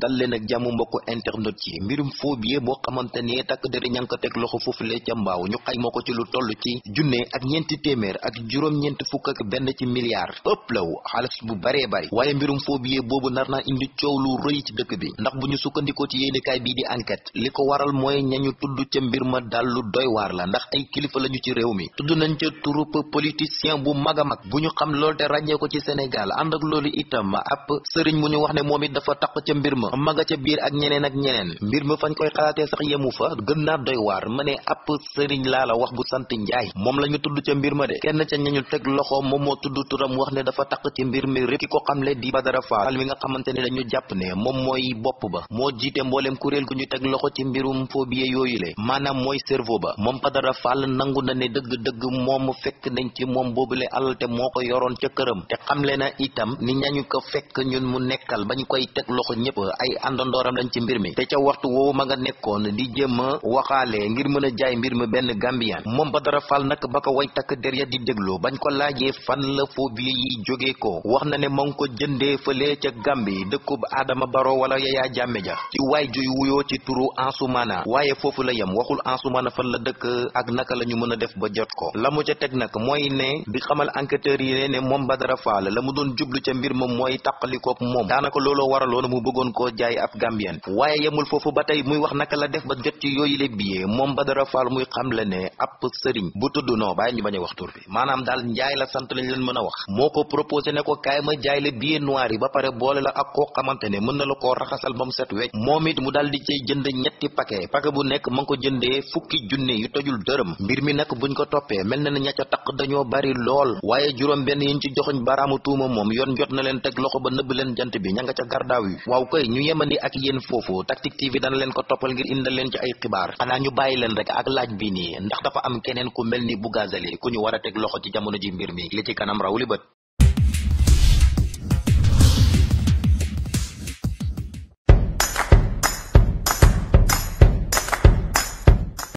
dal leen ak jàmm mbokku internet ci mbirum faux billet boo xamante ne takk deri ña ngi ko teg loxo foofule ca mbaaw ñu xayma ko ci lu toll ci junne ak ñeenti téeméer ak juróom-ñeenti fukk ak benn ci milliard ëpp law xaalis bu baree bari waaye mbirum faux billet boobu nar naa indi coow lu rëy ci dëkk bi ndax bu ñu sukkandikoo ci yéenekaay bii di enquête li ko waral mooy ñañu tudd ca mbir ma dal lu doy waar la ndax ay kilifa lañu ci réew mi tudd nañ ca troupe politicien bu mag a mag bu ñu xam lool te ràññee ko ci Sénégal ànd ak loolu itam ab sëriñ mu ñu wax ne moom it dafa taq ca mbir ma ma ma nga ca biir ak ñeneen ak ñeneen mbir ma fañ koy xalaatee sax yemu fa gën naa doy waar ma ne ab sëriñ laa la wax bu sant njaay moom la ñu tudd ca mbir ma de kenn ca ñañu teg moo tudd turam wax ne dafa taq ci mbir mi rek ki ko xamle di Badara Fall jàpp ne moom mooy bopp ba moo jiite mbooleem kuréel gu ñu teg loxo ci mbirum phobie yooyu maanaam mooy cerveau ba moom Badara Fall nangu na ne dëgg-dëgg moom fekk nañ ci moom boobule alal te moo ko yoroon ca këram te xamle na itam ni ñañu ko fekk ñun mu nekkal ba ñu koy teg ay àndandooram lañ ci mbir mi te ca waxtu woowu ma nga nekkoon di jéem a waxaale ngir mën jaay mbir mi benn gambiyaan moom Badara Fall nag ba ko way takk der ya di déglu bañ ko laajee fan la phobie yi jógee ko wax na ne ma ngi ko jëndee fële ca Gambie dëkkub Adama Barrow wala Yaya Jammeh ja ci waay juy wuyoo ci turu Ansoumana waaye foofu la yem waxul Ansoumana fan la dëkk ak naka la ñu mën a def ba jot ko la mu ca teg nag mooy ne di xamal enquêteurs yi ne ne moom Badara Fall la mu doon jublu ca mbir moom mooy tàqalikook moom daanaka looloo waraloon mu bëggoon ko koo jaay ab gambien waaye yemul foofu ba tey muy wax naka la def ba jot ci yooyu le billet moom Badara Fall muy xam la ne ab sëriñ bu tudd noo bàyyi ñu bañ a wax bi maanaam daal njaay la sant lañ leen mën a wax moo ko proposé ne ko kaay ma jaay la billet noir yi ba pare boole la ak koo xamante ne mën na la ko raxasal ba mu set wecc moom it mu daal di cay jënd ñetti paquet paquet bu nekk ma ngi ko jëndee fukki junne yu tojul dërëm mbir mi nag buñ ko toppee mel na ne ña ca taq dañoo bari lool waaye juróom benn yiñ ci joxoñ baraamu tuuma moom yoon jot na leen teg loxo ba nëbb leen jant bi ña nga ca gardaaw yi waaw ñu yemandi ak yéen foofu Tactic TV dana leen ko toppal ngir indal leen ci ay xibaar xanaa ñu bàyyi leen rek ak laaj bi nii ndax dafa am keneen ku mel ni bu Bougazeli ku ñu war a teg loxo ci jamono ji mbir mi li ci kanam raw li bët